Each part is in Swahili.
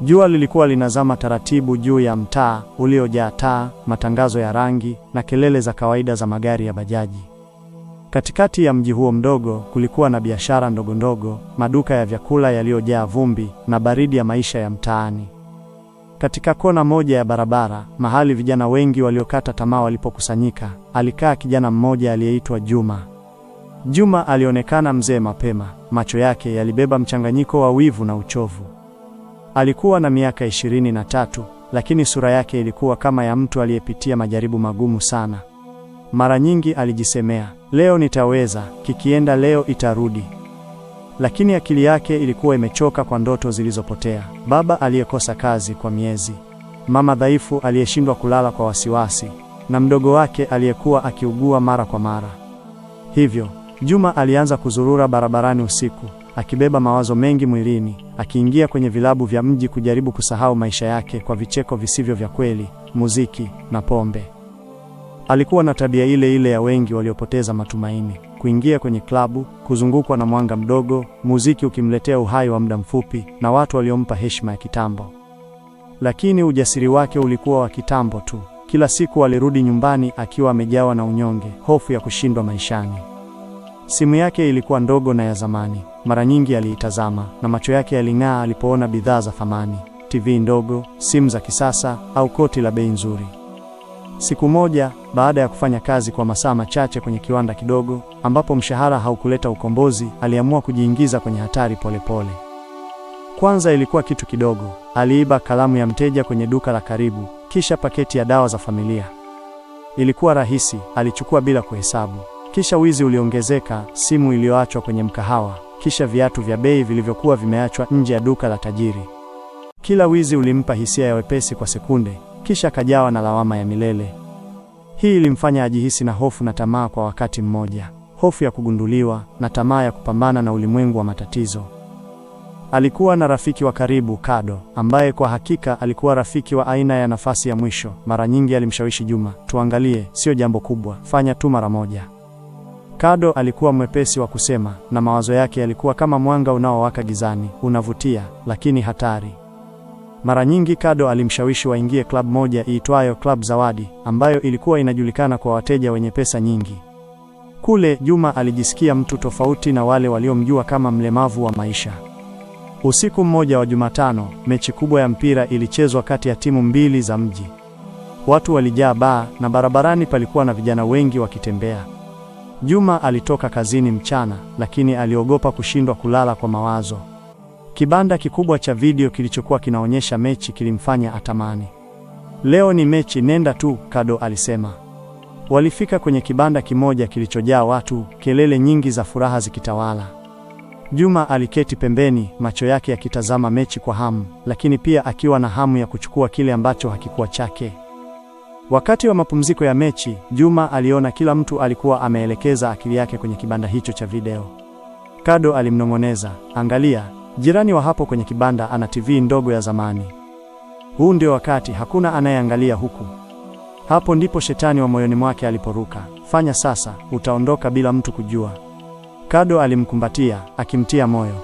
Jua lilikuwa linazama taratibu juu ya mtaa uliojaa taa, matangazo ya rangi na kelele za kawaida za magari ya bajaji. Katikati ya mji huo mdogo kulikuwa na biashara ndogo ndogo, maduka ya vyakula yaliyojaa vumbi na baridi ya maisha ya mtaani. Katika kona moja ya barabara, mahali vijana wengi waliokata tamaa walipokusanyika, alikaa kijana mmoja aliyeitwa Juma. Juma alionekana mzee mapema, macho yake yalibeba mchanganyiko wa wivu na uchovu. Alikuwa na miaka ishirini na tatu, lakini sura yake ilikuwa kama ya mtu aliyepitia majaribu magumu sana. Mara nyingi alijisemea, leo nitaweza, kikienda leo itarudi. Lakini akili yake ilikuwa imechoka kwa ndoto zilizopotea. Baba aliyekosa kazi kwa miezi, mama dhaifu aliyeshindwa kulala kwa wasiwasi, na mdogo wake aliyekuwa akiugua mara kwa mara. Hivyo, Juma alianza kuzurura barabarani usiku akibeba mawazo mengi mwilini, akiingia kwenye vilabu vya mji kujaribu kusahau maisha yake kwa vicheko visivyo vya kweli, muziki na pombe. Alikuwa na tabia ile ile ya wengi waliopoteza matumaini, kuingia kwenye klabu, kuzungukwa na mwanga mdogo, muziki ukimletea uhai wa muda mfupi na watu waliompa heshima ya kitambo. Lakini ujasiri wake ulikuwa wa kitambo tu. Kila siku alirudi nyumbani akiwa amejawa na unyonge, hofu ya kushindwa maishani. Simu yake ilikuwa ndogo na ya zamani mara nyingi aliitazama na macho yake yaling'aa alipoona bidhaa za thamani, TV ndogo, simu za kisasa au koti la bei nzuri. Siku moja baada ya kufanya kazi kwa masaa machache kwenye kiwanda kidogo ambapo mshahara haukuleta ukombozi, aliamua kujiingiza kwenye hatari polepole pole. Kwanza ilikuwa kitu kidogo, aliiba kalamu ya mteja kwenye duka la karibu, kisha paketi ya dawa za familia. Ilikuwa rahisi, alichukua bila kuhesabu. Kisha wizi uliongezeka, simu iliyoachwa kwenye mkahawa, kisha viatu vya bei vilivyokuwa vimeachwa nje ya duka la tajiri. Kila wizi ulimpa hisia ya wepesi kwa sekunde, kisha akajawa na lawama ya milele. Hii ilimfanya ajihisi na hofu na tamaa kwa wakati mmoja, hofu ya kugunduliwa na tamaa ya kupambana na ulimwengu wa matatizo. Alikuwa na rafiki wa karibu Kado, ambaye kwa hakika alikuwa rafiki wa aina ya nafasi ya mwisho. Mara nyingi alimshawishi Juma, tuangalie, sio jambo kubwa, fanya tu mara moja. Kado alikuwa mwepesi wa kusema na mawazo yake yalikuwa kama mwanga unaowaka gizani, unavutia lakini hatari. Mara nyingi Kado alimshawishi waingie klabu moja iitwayo Club Zawadi ambayo ilikuwa inajulikana kwa wateja wenye pesa nyingi. Kule Juma alijisikia mtu tofauti na wale waliomjua kama mlemavu wa maisha. Usiku mmoja wa Jumatano, mechi kubwa ya mpira ilichezwa kati ya timu mbili za mji. Watu walijaa baa na barabarani palikuwa na vijana wengi wakitembea. Juma alitoka kazini mchana, lakini aliogopa kushindwa kulala kwa mawazo. Kibanda kikubwa cha video kilichokuwa kinaonyesha mechi kilimfanya atamani. Leo ni mechi, nenda tu, Kado alisema. Walifika kwenye kibanda kimoja kilichojaa watu, kelele nyingi za furaha zikitawala. Juma aliketi pembeni, macho yake yakitazama mechi kwa hamu, lakini pia akiwa na hamu ya kuchukua kile ambacho hakikuwa chake. Wakati wa mapumziko ya mechi, Juma aliona kila mtu alikuwa ameelekeza akili yake kwenye kibanda hicho cha video. Kado alimnong'oneza, "Angalia, jirani wa hapo kwenye kibanda ana TV ndogo ya zamani. Huu ndio wakati, hakuna anayeangalia huku." Hapo ndipo shetani wa moyoni mwake aliporuka. Fanya sasa, utaondoka bila mtu kujua. Kado alimkumbatia akimtia moyo.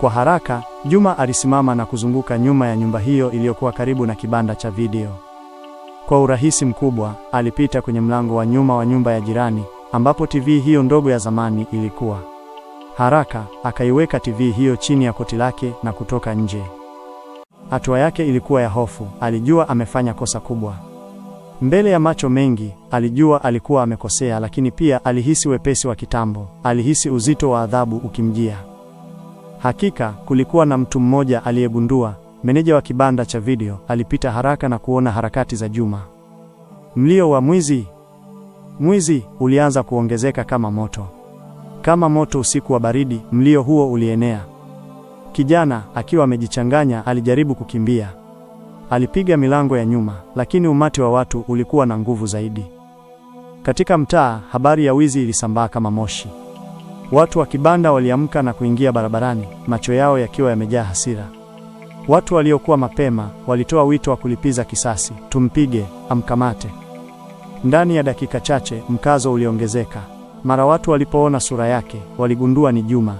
Kwa haraka, Juma alisimama na kuzunguka nyuma ya nyumba hiyo iliyokuwa karibu na kibanda cha video. Kwa urahisi mkubwa, alipita kwenye mlango wa nyuma wa nyumba ya jirani ambapo TV hiyo ndogo ya zamani ilikuwa. Haraka akaiweka TV hiyo chini ya koti lake na kutoka nje. Hatua yake ilikuwa ya hofu, alijua amefanya kosa kubwa. Mbele ya macho mengi, alijua alikuwa amekosea, lakini pia alihisi wepesi wa kitambo, alihisi uzito wa adhabu ukimjia. Hakika kulikuwa na mtu mmoja aliyegundua Meneja wa kibanda cha video alipita haraka na kuona harakati za Juma. Mlio wa mwizi mwizi ulianza kuongezeka kama moto, kama moto usiku wa baridi. Mlio huo ulienea. Kijana akiwa amejichanganya alijaribu kukimbia. Alipiga milango ya nyuma, lakini umati wa watu ulikuwa na nguvu zaidi. Katika mtaa, habari ya wizi ilisambaa kama moshi. Watu wa kibanda waliamka na kuingia barabarani, macho yao yakiwa yamejaa hasira. Watu waliokuwa mapema walitoa wito wa kulipiza kisasi, tumpige, amkamate. Ndani ya dakika chache mkazo uliongezeka. Mara watu walipoona sura yake waligundua ni Juma.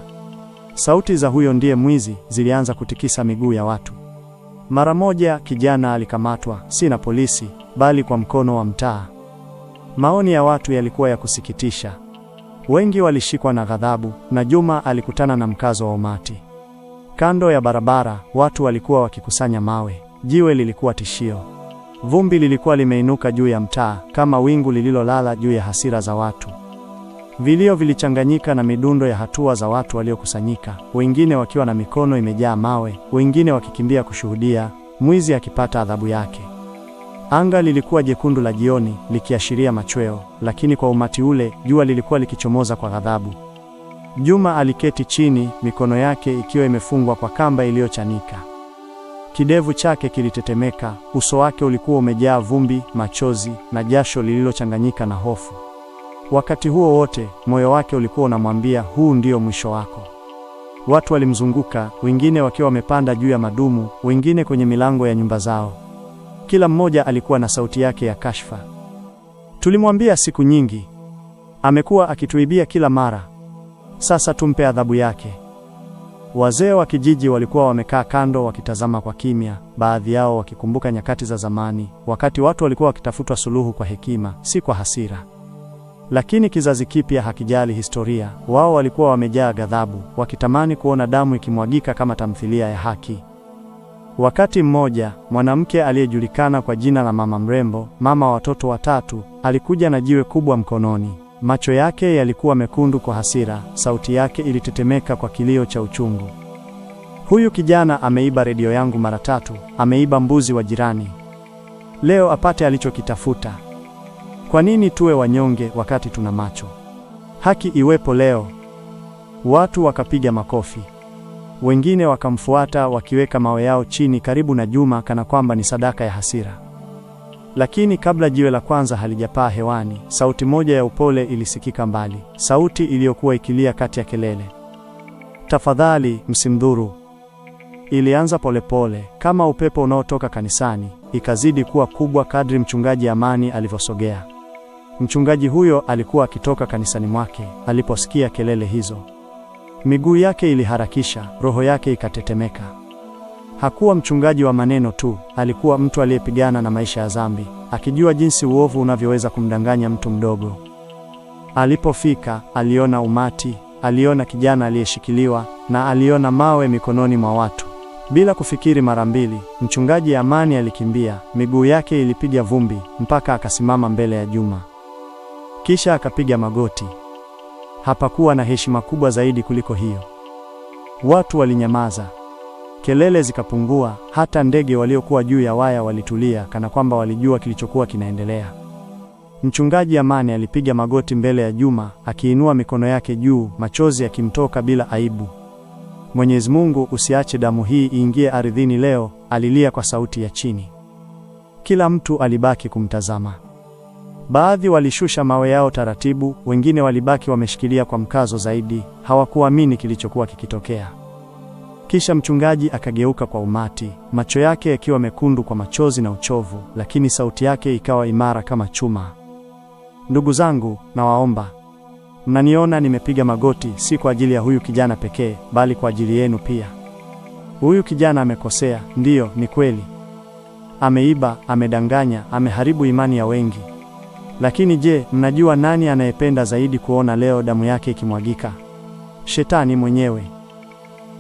Sauti za huyo ndiye mwizi zilianza kutikisa miguu ya watu. Mara moja kijana alikamatwa, si na polisi, bali kwa mkono wa mtaa. Maoni ya watu yalikuwa ya kusikitisha. Wengi walishikwa na ghadhabu na Juma alikutana na mkazo wa umati. Kando ya barabara watu walikuwa wakikusanya mawe. Jiwe lilikuwa tishio. Vumbi lilikuwa limeinuka juu ya mtaa kama wingu lililolala juu ya hasira za watu. Vilio vilichanganyika na midundo ya hatua za watu waliokusanyika, wengine wakiwa na mikono imejaa mawe, wengine wakikimbia kushuhudia mwizi akipata adhabu yake. Anga lilikuwa jekundu la jioni likiashiria machweo, lakini kwa umati ule jua lilikuwa likichomoza kwa ghadhabu. Juma aliketi chini, mikono yake ikiwa imefungwa kwa kamba iliyochanika. Kidevu chake kilitetemeka, uso wake ulikuwa umejaa vumbi, machozi na jasho lililochanganyika na hofu. Wakati huo wote, moyo wake ulikuwa unamwambia, huu ndio mwisho wako. Watu walimzunguka, wengine wakiwa wamepanda juu ya madumu, wengine kwenye milango ya nyumba zao. Kila mmoja alikuwa na sauti yake ya kashfa. Tulimwambia siku nyingi, amekuwa akituibia kila mara sasa tumpe adhabu yake. Wazee wa kijiji walikuwa wamekaa kando wakitazama kwa kimya, baadhi yao wakikumbuka nyakati za zamani, wakati watu walikuwa wakitafutwa suluhu kwa hekima, si kwa hasira. Lakini kizazi kipya hakijali historia. Wao walikuwa wamejaa ghadhabu, wakitamani kuona damu ikimwagika kama tamthilia ya haki. Wakati mmoja, mwanamke aliyejulikana kwa jina la Mama Mrembo, mama watoto watatu, alikuja na jiwe kubwa mkononi. Macho yake yalikuwa mekundu kwa hasira, sauti yake ilitetemeka kwa kilio cha uchungu. Huyu kijana ameiba redio yangu mara tatu, ameiba mbuzi wa jirani. Leo apate alichokitafuta. Kwa nini tuwe wanyonge wakati tuna macho? Haki iwepo leo. Watu wakapiga makofi. Wengine wakamfuata wakiweka mawe yao chini karibu na Juma kana kwamba ni sadaka ya hasira. Lakini kabla jiwe la kwanza halijapaa hewani, sauti moja ya upole ilisikika mbali, sauti iliyokuwa ikilia kati ya kelele. Tafadhali msimdhuru. Ilianza polepole kama upepo unaotoka kanisani, ikazidi kuwa kubwa kadri mchungaji Amani alivyosogea. Mchungaji huyo alikuwa akitoka kanisani mwake aliposikia kelele hizo. Miguu yake iliharakisha, roho yake ikatetemeka. Hakuwa mchungaji wa maneno tu, alikuwa mtu aliyepigana na maisha ya dhambi, akijua jinsi uovu unavyoweza kumdanganya mtu mdogo. Alipofika, aliona umati, aliona kijana aliyeshikiliwa na aliona mawe mikononi mwa watu. Bila kufikiri mara mbili, mchungaji Amani alikimbia, miguu yake ilipiga vumbi mpaka akasimama mbele ya Juma. Kisha akapiga magoti. Hapakuwa na heshima kubwa zaidi kuliko hiyo. Watu walinyamaza. Kelele zikapungua, hata ndege waliokuwa juu ya waya walitulia kana kwamba walijua kilichokuwa kinaendelea. Mchungaji Amani alipiga magoti mbele ya Juma, akiinua mikono yake juu, machozi yakimtoka bila aibu. Mwenyezi Mungu, usiache damu hii iingie ardhini leo, alilia kwa sauti ya chini. Kila mtu alibaki kumtazama. Baadhi walishusha mawe yao taratibu, wengine walibaki wameshikilia kwa mkazo zaidi, hawakuamini kilichokuwa kikitokea. Kisha mchungaji akageuka kwa umati, macho yake yakiwa mekundu kwa machozi na uchovu, lakini sauti yake ikawa imara kama chuma. Ndugu zangu, nawaomba, mnaniona nimepiga magoti, si kwa ajili ya huyu kijana pekee, bali kwa ajili yenu pia. Huyu kijana amekosea, ndiyo, ni kweli. Ameiba, amedanganya, ameharibu imani ya wengi. Lakini je, mnajua nani anayependa zaidi kuona leo damu yake ikimwagika? Shetani mwenyewe.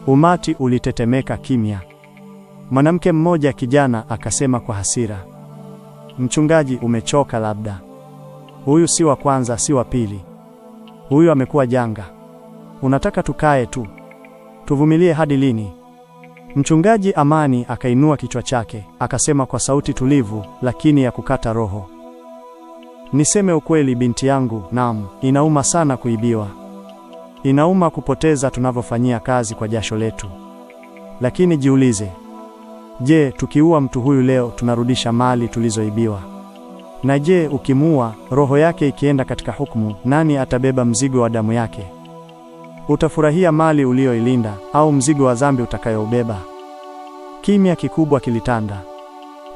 Umati ulitetemeka kimya. Mwanamke mmoja kijana akasema kwa hasira, mchungaji, umechoka labda. Huyu si wa kwanza, si wa pili. Huyu amekuwa janga. Unataka tukae tu, tuvumilie hadi lini? Mchungaji Amani akainua kichwa chake akasema kwa sauti tulivu lakini ya kukata roho, niseme ukweli binti yangu, naam, inauma sana kuibiwa Inauma kupoteza tunavyofanyia kazi kwa jasho letu, lakini jiulize, je, tukiua mtu huyu leo tunarudisha mali tulizoibiwa? Na je, ukimuua, roho yake ikienda katika hukumu, nani atabeba mzigo wa damu yake? Utafurahia mali uliyoilinda au mzigo wa dhambi utakayoubeba? Kimya kikubwa kilitanda.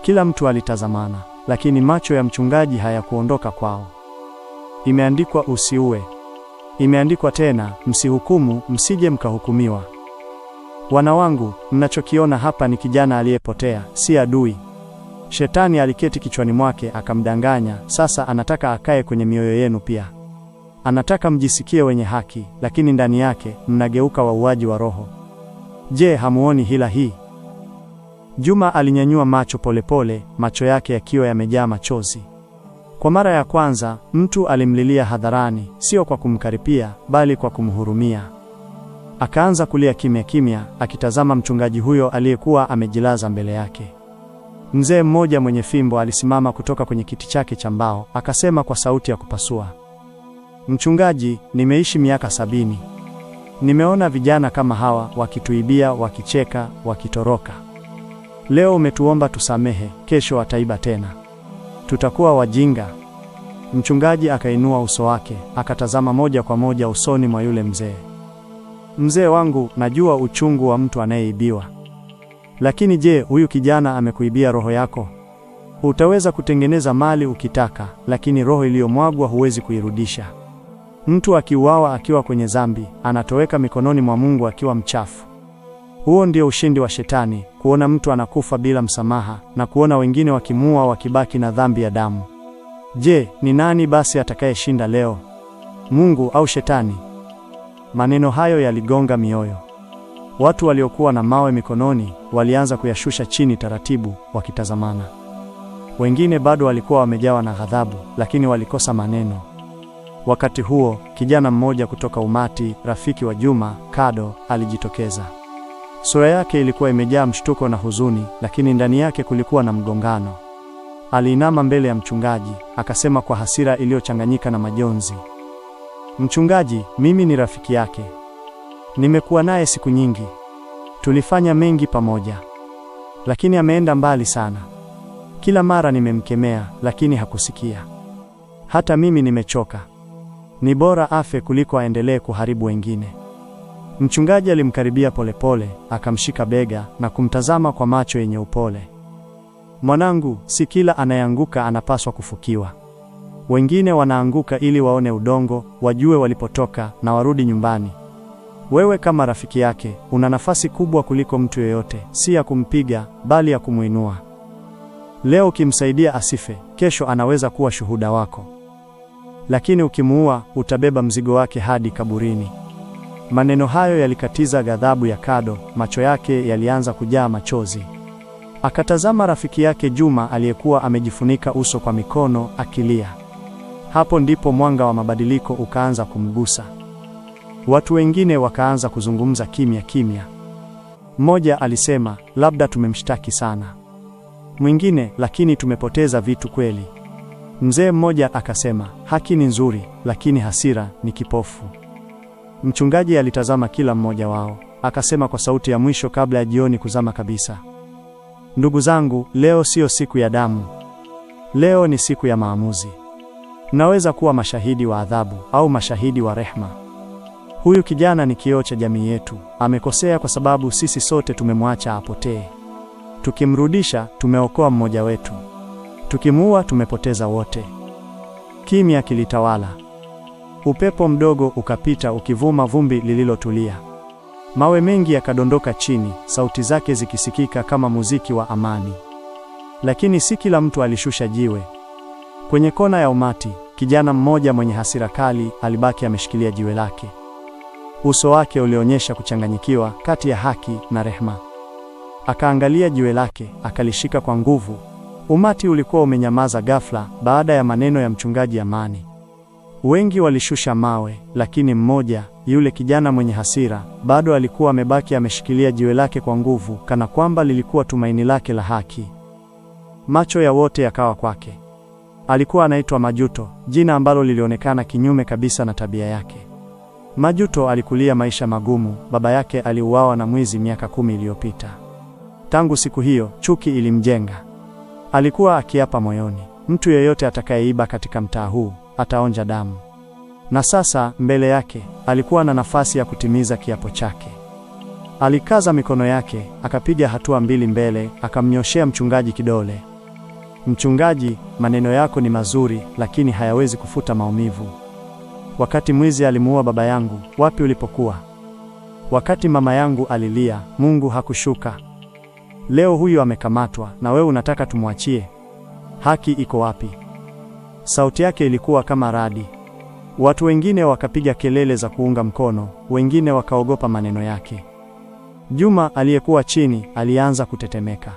Kila mtu alitazamana, lakini macho ya mchungaji hayakuondoka kwao. Imeandikwa usiue imeandikwa tena, msihukumu msije mkahukumiwa. Wana wangu, mnachokiona hapa ni kijana aliyepotea, si adui. Shetani aliketi kichwani mwake akamdanganya, sasa anataka akae kwenye mioyo yenu pia. Anataka mjisikie wenye haki, lakini ndani yake mnageuka wauaji wa roho. Je, hamuoni hila hii? Juma alinyanyua macho polepole, macho yake yakiwa yamejaa machozi. Kwa mara ya kwanza, mtu alimlilia hadharani, sio kwa kumkaripia, bali kwa kumhurumia. Akaanza kulia kimya kimya, akitazama mchungaji huyo aliyekuwa amejilaza mbele yake. Mzee mmoja mwenye fimbo alisimama kutoka kwenye kiti chake cha mbao, akasema kwa sauti ya kupasua, Mchungaji, nimeishi miaka sabini. Nimeona vijana kama hawa wakituibia, wakicheka, wakitoroka. Leo umetuomba tusamehe, kesho wataiba tena tutakuwa wajinga. Mchungaji akainua uso wake akatazama moja kwa moja usoni mwa yule mzee. Mzee wangu, najua uchungu wa mtu anayeibiwa, lakini je, huyu kijana amekuibia roho yako? Utaweza kutengeneza mali ukitaka, lakini roho iliyomwagwa huwezi kuirudisha. Mtu akiuawa akiwa kwenye dhambi, anatoweka mikononi mwa Mungu akiwa mchafu. Huo ndio ushindi wa Shetani, kuona mtu anakufa bila msamaha na kuona wengine wakimua wakibaki na dhambi ya damu. Je, ni nani basi atakayeshinda leo, Mungu au Shetani? Maneno hayo yaligonga mioyo. Watu waliokuwa na mawe mikononi walianza kuyashusha chini taratibu, wakitazamana. Wengine bado walikuwa wamejawa na ghadhabu, lakini walikosa maneno. Wakati huo, kijana mmoja kutoka umati, rafiki wa Juma, Kado, alijitokeza. Sura yake ilikuwa imejaa mshtuko na huzuni, lakini ndani yake kulikuwa na mgongano. Aliinama mbele ya mchungaji, akasema kwa hasira iliyochanganyika na majonzi, "Mchungaji, mimi ni rafiki yake. Nimekuwa naye siku nyingi. Tulifanya mengi pamoja. Lakini ameenda mbali sana. Kila mara nimemkemea, lakini hakusikia. Hata mimi nimechoka. Ni bora afe kuliko aendelee kuharibu wengine." Mchungaji alimkaribia polepole, akamshika bega na kumtazama kwa macho yenye upole. Mwanangu, si kila anayeanguka anapaswa kufukiwa. Wengine wanaanguka ili waone udongo, wajue walipotoka na warudi nyumbani. Wewe kama rafiki yake una nafasi kubwa kuliko mtu yeyote, si ya kumpiga bali ya kumwinua. Leo ukimsaidia asife, kesho anaweza kuwa shuhuda wako, lakini ukimuua utabeba mzigo wake hadi kaburini. Maneno hayo yalikatiza ghadhabu ya Kado, macho yake yalianza kujaa machozi. Akatazama rafiki yake Juma aliyekuwa amejifunika uso kwa mikono akilia. Hapo ndipo mwanga wa mabadiliko ukaanza kumgusa. Watu wengine wakaanza kuzungumza kimya kimya. Mmoja alisema, labda tumemshtaki sana. Mwingine, lakini tumepoteza vitu kweli. Mzee mmoja akasema, haki ni nzuri, lakini hasira ni kipofu. Mchungaji alitazama kila mmoja wao, akasema kwa sauti ya mwisho kabla ya jioni kuzama kabisa, ndugu zangu, leo siyo siku ya damu, leo ni siku ya maamuzi. Mnaweza kuwa mashahidi wa adhabu au mashahidi wa rehma Huyu kijana ni kioo cha jamii yetu, amekosea kwa sababu sisi sote tumemwacha apotee. Tukimrudisha tumeokoa mmoja wetu, tukimuua tumepoteza wote. Kimya kilitawala. Upepo mdogo ukapita ukivuma vumbi lililotulia. Mawe mengi yakadondoka chini, sauti zake zikisikika kama muziki wa amani. Lakini si kila mtu alishusha jiwe. Kwenye kona ya umati, kijana mmoja mwenye hasira kali alibaki ameshikilia jiwe lake. Uso wake ulionyesha kuchanganyikiwa kati ya haki na rehema. Akaangalia jiwe lake, akalishika kwa nguvu. Umati ulikuwa umenyamaza ghafla baada ya maneno ya mchungaji Amani. Wengi walishusha mawe, lakini mmoja, yule kijana mwenye hasira, bado alikuwa amebaki ameshikilia jiwe lake kwa nguvu, kana kwamba lilikuwa tumaini lake la haki. Macho ya wote yakawa kwake. Alikuwa anaitwa Majuto, jina ambalo lilionekana kinyume kabisa na tabia yake. Majuto alikulia maisha magumu, baba yake aliuawa na mwizi miaka kumi iliyopita. Tangu siku hiyo, chuki ilimjenga. Alikuwa akiapa moyoni, mtu yeyote atakayeiba katika mtaa huu ataonja damu. Na sasa mbele yake alikuwa na nafasi ya kutimiza kiapo chake. Alikaza mikono yake, akapiga hatua mbili mbele, akamnyoshea mchungaji kidole. Mchungaji, maneno yako ni mazuri, lakini hayawezi kufuta maumivu. Wakati mwizi alimuua baba yangu, wapi ulipokuwa? Wakati mama yangu alilia, Mungu hakushuka. Leo huyu amekamatwa, na wewe unataka tumwachie? Haki iko wapi? Sauti yake ilikuwa kama radi. Watu wengine wakapiga kelele za kuunga mkono, wengine wakaogopa maneno yake. Juma aliyekuwa chini alianza kutetemeka.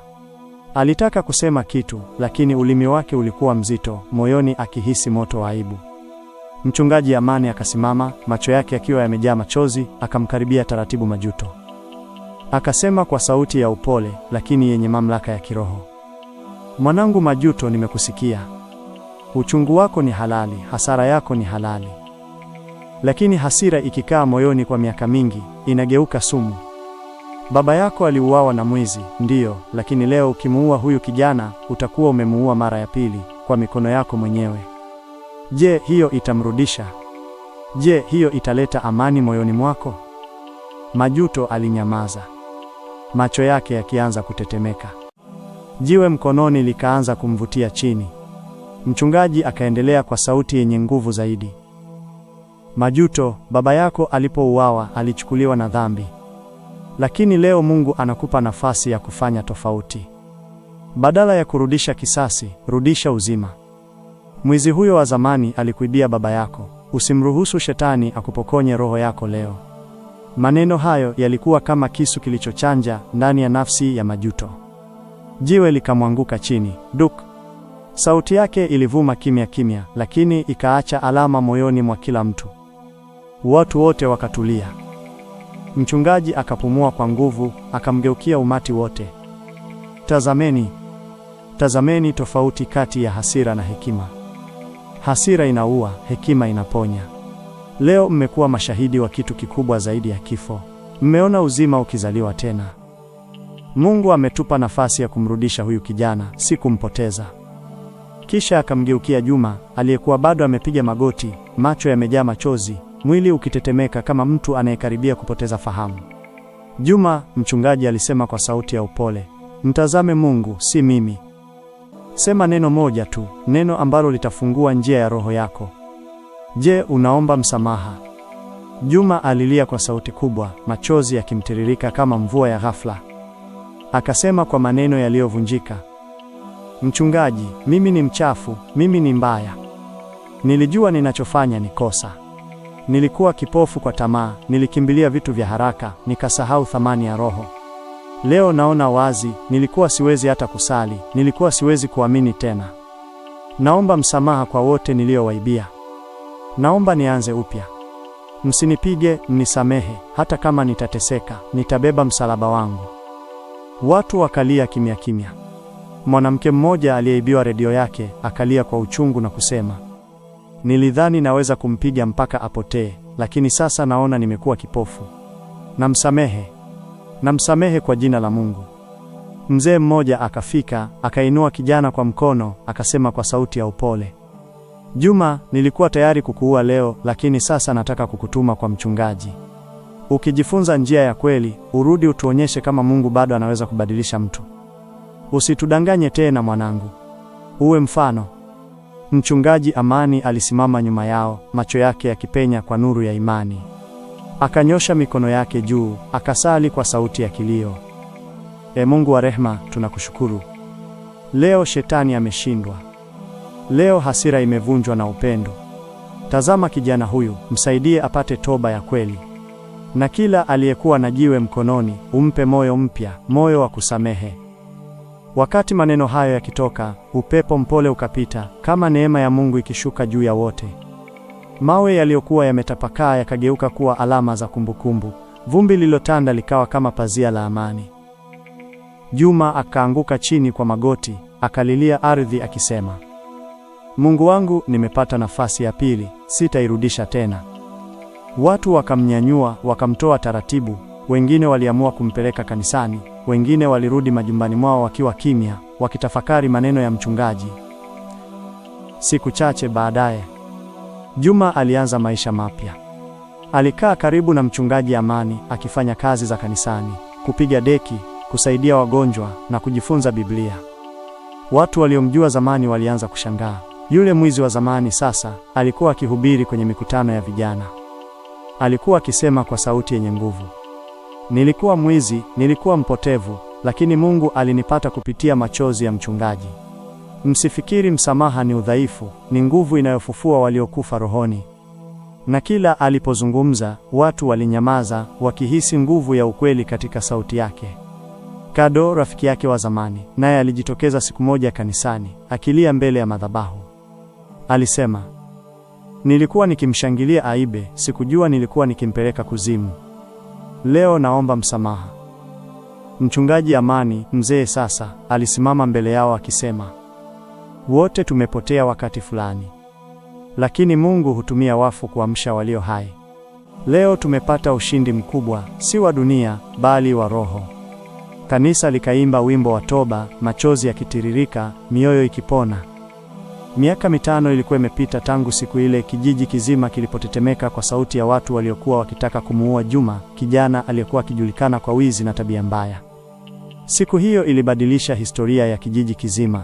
Alitaka kusema kitu, lakini ulimi wake ulikuwa mzito, moyoni akihisi moto wa aibu. Mchungaji Amani akasimama, macho yake akiwa yamejaa machozi, akamkaribia taratibu Majuto. Akasema kwa sauti ya upole, lakini yenye mamlaka ya kiroho, mwanangu Majuto, nimekusikia. Uchungu wako ni halali, hasara yako ni halali. Lakini hasira ikikaa moyoni kwa miaka mingi, inageuka sumu. Baba yako aliuawa na mwizi, ndiyo, lakini leo ukimuua huyu kijana, utakuwa umemuua mara ya pili kwa mikono yako mwenyewe. Je, hiyo itamrudisha? Je, hiyo italeta amani moyoni mwako? Majuto alinyamaza, macho yake yakianza kutetemeka. Jiwe mkononi likaanza kumvutia chini. Mchungaji akaendelea kwa sauti yenye nguvu zaidi. Majuto, baba yako alipouawa alichukuliwa na dhambi, lakini leo Mungu anakupa nafasi ya kufanya tofauti. Badala ya kurudisha kisasi, rudisha uzima. Mwizi huyo wa zamani alikuibia baba yako, usimruhusu shetani akupokonye roho yako leo. Maneno hayo yalikuwa kama kisu kilichochanja ndani ya nafsi ya Majuto. Jiwe likamwanguka chini, duk Sauti yake ilivuma kimya kimya, lakini ikaacha alama moyoni mwa kila mtu. Watu wote wakatulia. Mchungaji akapumua kwa nguvu, akamgeukia umati wote. Tazameni, tazameni tofauti kati ya hasira na hekima. Hasira inaua, hekima inaponya. Leo mmekuwa mashahidi wa kitu kikubwa zaidi ya kifo. Mmeona uzima ukizaliwa tena. Mungu ametupa nafasi ya kumrudisha huyu kijana, si kumpoteza. Kisha akamgeukia Juma aliyekuwa bado amepiga magoti, macho yamejaa machozi, mwili ukitetemeka kama mtu anayekaribia kupoteza fahamu. Juma, mchungaji alisema kwa sauti ya upole, mtazame Mungu, si mimi. Sema neno moja tu, neno ambalo litafungua njia ya roho yako. Je, unaomba msamaha? Juma alilia kwa sauti kubwa, machozi yakimtiririka kama mvua ya ghafla. Akasema kwa maneno yaliyovunjika, Mchungaji, mimi ni mchafu, mimi ni mbaya. Nilijua ninachofanya ni kosa. Nilikuwa kipofu kwa tamaa, nilikimbilia vitu vya haraka, nikasahau thamani ya roho. Leo naona wazi, nilikuwa siwezi hata kusali, nilikuwa siwezi kuamini tena. Naomba msamaha kwa wote niliowaibia. Naomba nianze upya. Msinipige, mnisamehe, hata kama nitateseka, nitabeba msalaba wangu. Watu wakalia kimya kimya. Mwanamke mmoja aliyeibiwa redio yake akalia kwa uchungu na kusema, nilidhani naweza kumpiga mpaka apotee, lakini sasa naona nimekuwa kipofu. Namsamehe, namsamehe kwa jina la Mungu. Mzee mmoja akafika, akainua kijana kwa mkono, akasema kwa sauti ya upole, Juma, nilikuwa tayari kukuua leo, lakini sasa nataka kukutuma kwa mchungaji. Ukijifunza njia ya kweli, urudi utuonyeshe kama Mungu bado anaweza kubadilisha mtu. Usitudanganye tena mwanangu, uwe mfano. Mchungaji Amani alisimama nyuma yao, macho yake yakipenya kwa nuru ya imani. Akanyosha mikono yake juu, akasali kwa sauti ya kilio. E Mungu wa rehema, tunakushukuru. Leo shetani ameshindwa. Leo hasira imevunjwa na upendo. Tazama kijana huyu, msaidie apate toba ya kweli. Na kila aliyekuwa na jiwe mkononi, umpe moyo mpya, moyo wa kusamehe. Wakati maneno hayo yakitoka, upepo mpole ukapita, kama neema ya Mungu ikishuka juu ya wote. Mawe yaliyokuwa yametapakaa yakageuka kuwa alama za kumbukumbu. Vumbi lililotanda likawa kama pazia la amani. Juma akaanguka chini kwa magoti, akalilia ardhi akisema, Mungu wangu, nimepata nafasi ya pili, sitairudisha tena. Watu wakamnyanyua, wakamtoa taratibu wengine waliamua kumpeleka kanisani, wengine walirudi majumbani mwao wakiwa kimya, wakitafakari maneno ya mchungaji. Siku chache baadaye, Juma alianza maisha mapya. Alikaa karibu na mchungaji Amani, akifanya kazi za kanisani, kupiga deki, kusaidia wagonjwa na kujifunza Biblia. Watu waliomjua zamani walianza kushangaa. Yule mwizi wa zamani sasa alikuwa akihubiri kwenye mikutano ya vijana. Alikuwa akisema kwa sauti yenye nguvu. Nilikuwa mwizi, nilikuwa mpotevu, lakini Mungu alinipata kupitia machozi ya mchungaji. Msifikiri msamaha ni udhaifu, ni nguvu inayofufua waliokufa rohoni. Na kila alipozungumza, watu walinyamaza, wakihisi nguvu ya ukweli katika sauti yake. Kado, rafiki yake wa zamani, naye alijitokeza siku moja kanisani, akilia mbele ya madhabahu. Alisema, nilikuwa nikimshangilia aibe, sikujua nilikuwa nikimpeleka kuzimu. Leo naomba msamaha. Mchungaji Amani, mzee sasa, alisimama mbele yao akisema, wote tumepotea wakati fulani, lakini Mungu hutumia wafu kuamsha walio hai. Leo tumepata ushindi mkubwa, si wa dunia, bali wa roho. Kanisa likaimba wimbo wa toba, machozi yakitiririka, mioyo ikipona. Miaka mitano ilikuwa imepita tangu siku ile kijiji kizima kilipotetemeka kwa sauti ya watu waliokuwa wakitaka kumuua Juma, kijana aliyekuwa akijulikana kwa wizi na tabia mbaya. Siku hiyo ilibadilisha historia ya kijiji kizima.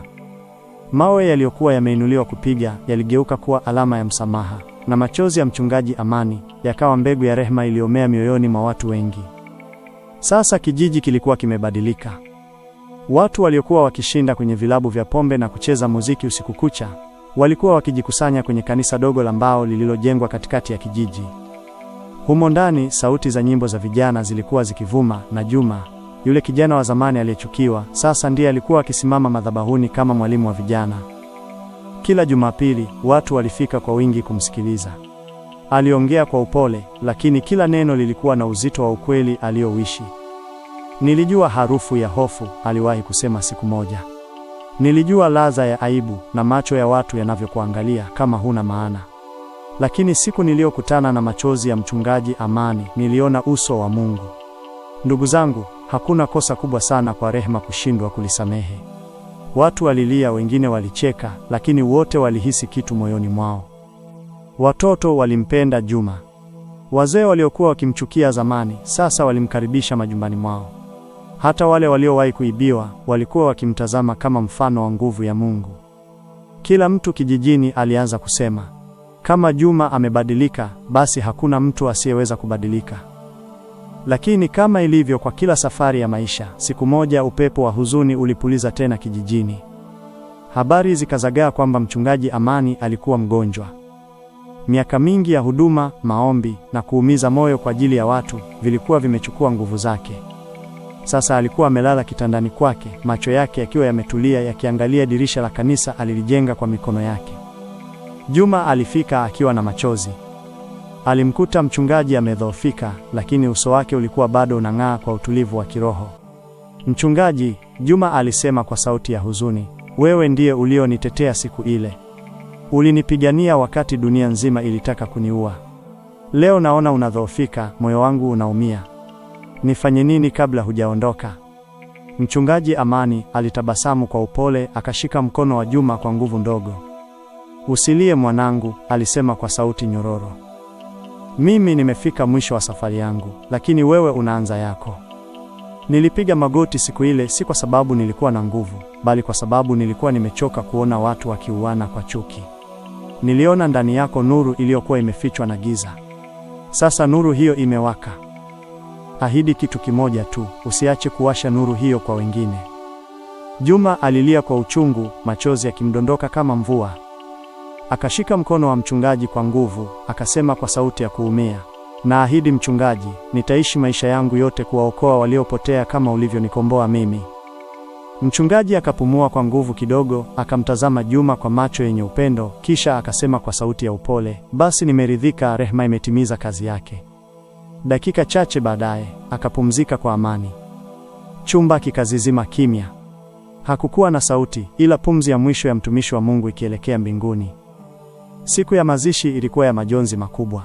Mawe yaliyokuwa yameinuliwa kupiga yaligeuka kuwa alama ya msamaha, na machozi ya mchungaji Amani yakawa mbegu ya rehema iliyomea mioyoni mwa watu wengi. Sasa kijiji kilikuwa kimebadilika. Watu waliokuwa wakishinda kwenye vilabu vya pombe na kucheza muziki usiku kucha walikuwa wakijikusanya kwenye kanisa dogo la mbao lililojengwa katikati ya kijiji. Humo ndani sauti za nyimbo za vijana zilikuwa zikivuma, na Juma, yule kijana wa zamani aliyechukiwa, sasa ndiye alikuwa akisimama madhabahuni kama mwalimu wa vijana. Kila Jumapili watu walifika kwa wingi kumsikiliza. Aliongea kwa upole, lakini kila neno lilikuwa na uzito wa ukweli aliyowishi Nilijua harufu ya hofu, aliwahi kusema siku moja. Nilijua ladha ya aibu na macho ya watu yanavyokuangalia kama huna maana. Lakini siku niliyokutana na machozi ya mchungaji Amani, niliona uso wa Mungu. Ndugu zangu, hakuna kosa kubwa sana kwa rehema kushindwa kulisamehe. Watu walilia, wengine walicheka, lakini wote walihisi kitu moyoni mwao. Watoto walimpenda Juma. Wazee waliokuwa wakimchukia zamani sasa walimkaribisha majumbani mwao. Hata wale waliowahi kuibiwa walikuwa wakimtazama kama mfano wa nguvu ya Mungu. Kila mtu kijijini alianza kusema, kama Juma amebadilika, basi hakuna mtu asiyeweza kubadilika. Lakini kama ilivyo kwa kila safari ya maisha, siku moja upepo wa huzuni ulipuliza tena kijijini. Habari zikazagaa kwamba mchungaji Amani alikuwa mgonjwa. Miaka mingi ya huduma, maombi na kuumiza moyo kwa ajili ya watu vilikuwa vimechukua nguvu zake. Sasa alikuwa amelala kitandani kwake, macho yake yakiwa yametulia yakiangalia dirisha la kanisa alilijenga kwa mikono yake. Juma alifika akiwa na machozi. Alimkuta mchungaji amedhoofika, lakini uso wake ulikuwa bado unang'aa kwa utulivu wa kiroho. Mchungaji, Juma alisema kwa sauti ya huzuni, wewe ndiye ulionitetea siku ile. Ulinipigania wakati dunia nzima ilitaka kuniua. Leo naona unadhoofika, moyo wangu unaumia nifanye nini kabla hujaondoka? Mchungaji Amani alitabasamu kwa upole, akashika mkono wa Juma kwa nguvu ndogo. Usilie mwanangu, alisema kwa sauti nyororo. Mimi nimefika mwisho wa safari yangu, lakini wewe unaanza yako. Nilipiga magoti siku ile, si kwa sababu nilikuwa na nguvu, bali kwa sababu nilikuwa nimechoka kuona watu wakiuana kwa chuki. Niliona ndani yako nuru iliyokuwa imefichwa na giza. Sasa nuru hiyo imewaka ahidi kitu kimoja tu, usiache kuwasha nuru hiyo kwa wengine. Juma alilia kwa uchungu, machozi yakimdondoka kama mvua. Akashika mkono wa mchungaji kwa nguvu, akasema kwa sauti ya kuumia, naahidi mchungaji, nitaishi maisha yangu yote kuwaokoa waliopotea kama ulivyonikomboa mimi. Mchungaji akapumua kwa nguvu kidogo, akamtazama Juma kwa macho yenye upendo, kisha akasema kwa sauti ya upole, basi nimeridhika, rehema imetimiza kazi yake. Dakika chache baadaye akapumzika kwa amani. Chumba kikazizima kimya. Hakukuwa na sauti, ila pumzi ya mwisho ya mtumishi wa Mungu ikielekea mbinguni. Siku ya mazishi ilikuwa ya majonzi makubwa.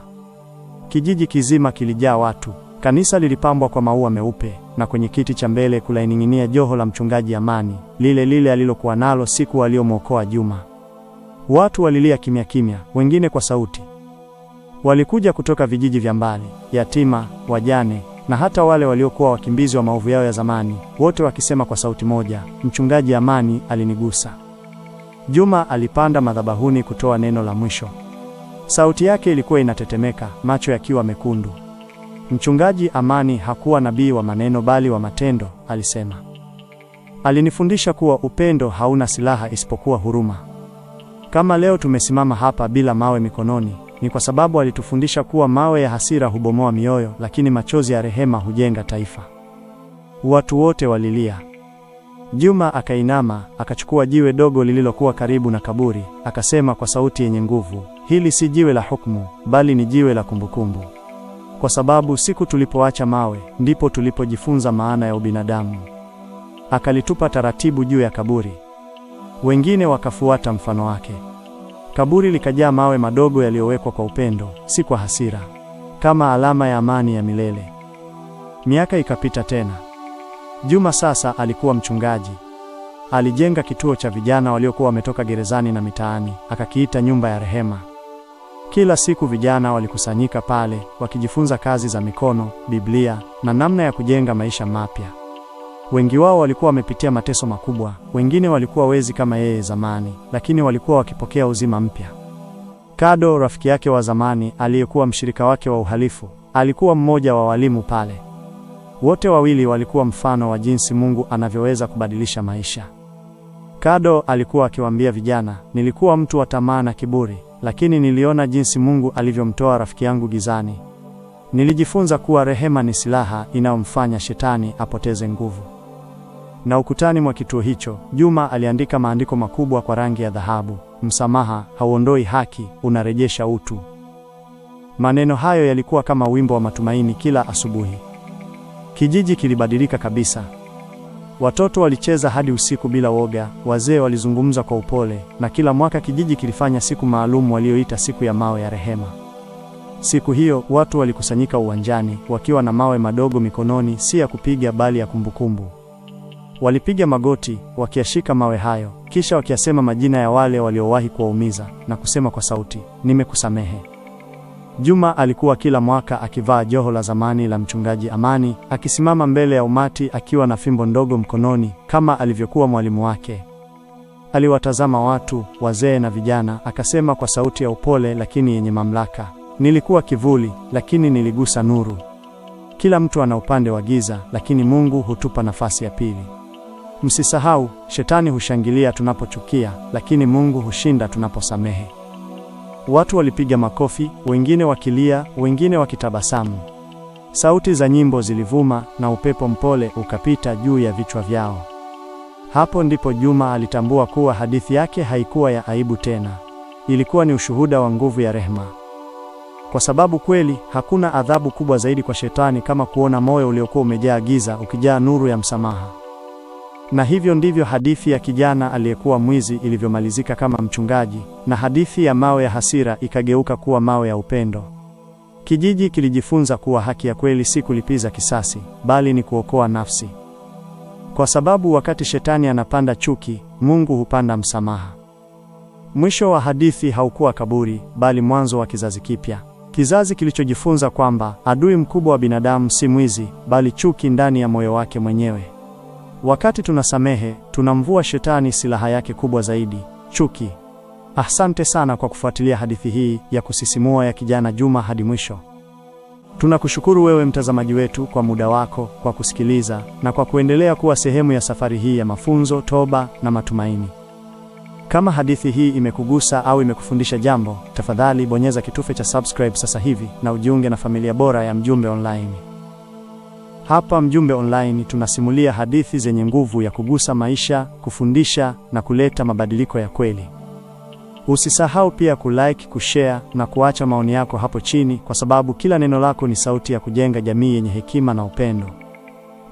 Kijiji kizima kilijaa watu. Kanisa lilipambwa kwa maua meupe na kwenye kiti cha mbele kulaining'inia joho la mchungaji Amani, lile lile alilokuwa nalo siku aliyomwokoa Juma. Watu walilia kimya kimya, wengine kwa sauti, Walikuja kutoka vijiji vya mbali, yatima, wajane na hata wale waliokuwa wakimbizi wa maovu yao ya zamani, wote wakisema kwa sauti moja, Mchungaji Amani alinigusa. Juma alipanda madhabahuni kutoa neno la mwisho. Sauti yake ilikuwa inatetemeka, macho yakiwa mekundu. Mchungaji Amani hakuwa nabii wa maneno bali wa matendo, alisema. Alinifundisha kuwa upendo hauna silaha isipokuwa huruma. Kama leo tumesimama hapa bila mawe mikononi ni kwa sababu alitufundisha kuwa mawe ya hasira hubomoa mioyo, lakini machozi ya rehema hujenga taifa. Watu wote walilia. Juma akainama, akachukua jiwe dogo lililokuwa karibu na kaburi, akasema kwa sauti yenye nguvu, hili si jiwe la hukumu, bali ni jiwe la kumbukumbu, kwa sababu siku tulipoacha mawe ndipo tulipojifunza maana ya ubinadamu. Akalitupa taratibu juu ya kaburi, wengine wakafuata mfano wake. Kaburi likajaa mawe madogo yaliyowekwa kwa upendo, si kwa hasira, kama alama ya amani ya milele. Miaka ikapita tena. Juma sasa alikuwa mchungaji. Alijenga kituo cha vijana waliokuwa wametoka gerezani na mitaani, akakiita nyumba ya rehema. Kila siku vijana walikusanyika pale, wakijifunza kazi za mikono, Biblia na namna ya kujenga maisha mapya. Wengi wao walikuwa wamepitia mateso makubwa, wengine walikuwa wezi kama yeye zamani, lakini walikuwa wakipokea uzima mpya. Kado, rafiki yake wa zamani aliyekuwa mshirika wake wa uhalifu, alikuwa mmoja wa walimu pale. Wote wawili walikuwa mfano wa jinsi Mungu anavyoweza kubadilisha maisha. Kado alikuwa akiwaambia vijana, nilikuwa mtu wa tamaa na kiburi, lakini niliona jinsi Mungu alivyomtoa rafiki yangu gizani. Nilijifunza kuwa rehema ni silaha inayomfanya shetani apoteze nguvu na ukutani mwa kituo hicho Juma aliandika maandiko makubwa kwa rangi ya dhahabu: msamaha hauondoi haki, unarejesha utu. Maneno hayo yalikuwa kama wimbo wa matumaini kila asubuhi. Kijiji kilibadilika kabisa. Watoto walicheza hadi usiku bila woga, wazee walizungumza kwa upole, na kila mwaka kijiji kilifanya siku maalum walioita siku ya mawe ya rehema. Siku hiyo watu walikusanyika uwanjani wakiwa na mawe madogo mikononi, si ya kupiga bali ya kumbukumbu. Walipiga magoti wakiyashika mawe hayo, kisha wakiyasema majina ya wale waliowahi kuwaumiza na kusema kwa sauti, nimekusamehe. Juma alikuwa kila mwaka akivaa joho la zamani la mchungaji Amani, akisimama mbele ya umati akiwa na fimbo ndogo mkononi kama alivyokuwa mwalimu wake. Aliwatazama watu, wazee na vijana, akasema kwa sauti ya upole lakini yenye mamlaka, nilikuwa kivuli, lakini niligusa nuru. Kila mtu ana upande wa giza, lakini Mungu hutupa nafasi ya pili. Msisahau, shetani hushangilia tunapochukia, lakini Mungu hushinda tunaposamehe. Watu walipiga makofi, wengine wakilia, wengine wakitabasamu. Sauti za nyimbo zilivuma na upepo mpole ukapita juu ya vichwa vyao. Hapo ndipo Juma alitambua kuwa hadithi yake haikuwa ya aibu tena. Ilikuwa ni ushuhuda wa nguvu ya rehema. Kwa sababu kweli hakuna adhabu kubwa zaidi kwa shetani kama kuona moyo uliokuwa umejaa giza ukijaa nuru ya msamaha. Na hivyo ndivyo hadithi ya kijana aliyekuwa mwizi ilivyomalizika kama mchungaji, na hadithi ya mawe ya hasira ikageuka kuwa mawe ya upendo. Kijiji kilijifunza kuwa haki ya kweli si kulipiza kisasi, bali ni kuokoa nafsi. Kwa sababu wakati shetani anapanda chuki, Mungu hupanda msamaha. Mwisho wa hadithi haukuwa kaburi, bali mwanzo wa kizazi kipya. Kizazi kilichojifunza kwamba adui mkubwa wa binadamu si mwizi, bali chuki ndani ya moyo wake mwenyewe. Wakati tunasamehe, tunamvua shetani silaha yake kubwa zaidi, chuki. Asante sana kwa kufuatilia hadithi hii ya kusisimua ya kijana Juma hadi mwisho. Tunakushukuru wewe mtazamaji wetu kwa muda wako, kwa kusikiliza na kwa kuendelea kuwa sehemu ya safari hii ya mafunzo, toba na matumaini. Kama hadithi hii imekugusa au imekufundisha jambo, tafadhali bonyeza kitufe cha subscribe sasa hivi na ujiunge na familia bora ya Mjumbe Online. Hapa Mjumbe Online tunasimulia hadithi zenye nguvu ya kugusa maisha, kufundisha na kuleta mabadiliko ya kweli. Usisahau pia kulike, kushare na kuacha maoni yako hapo chini kwa sababu kila neno lako ni sauti ya kujenga jamii yenye hekima na upendo.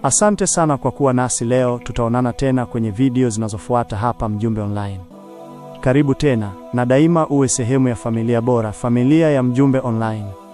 Asante sana kwa kuwa nasi leo, tutaonana tena kwenye video zinazofuata hapa Mjumbe Online. Karibu tena na daima uwe sehemu ya familia bora, familia ya Mjumbe Online.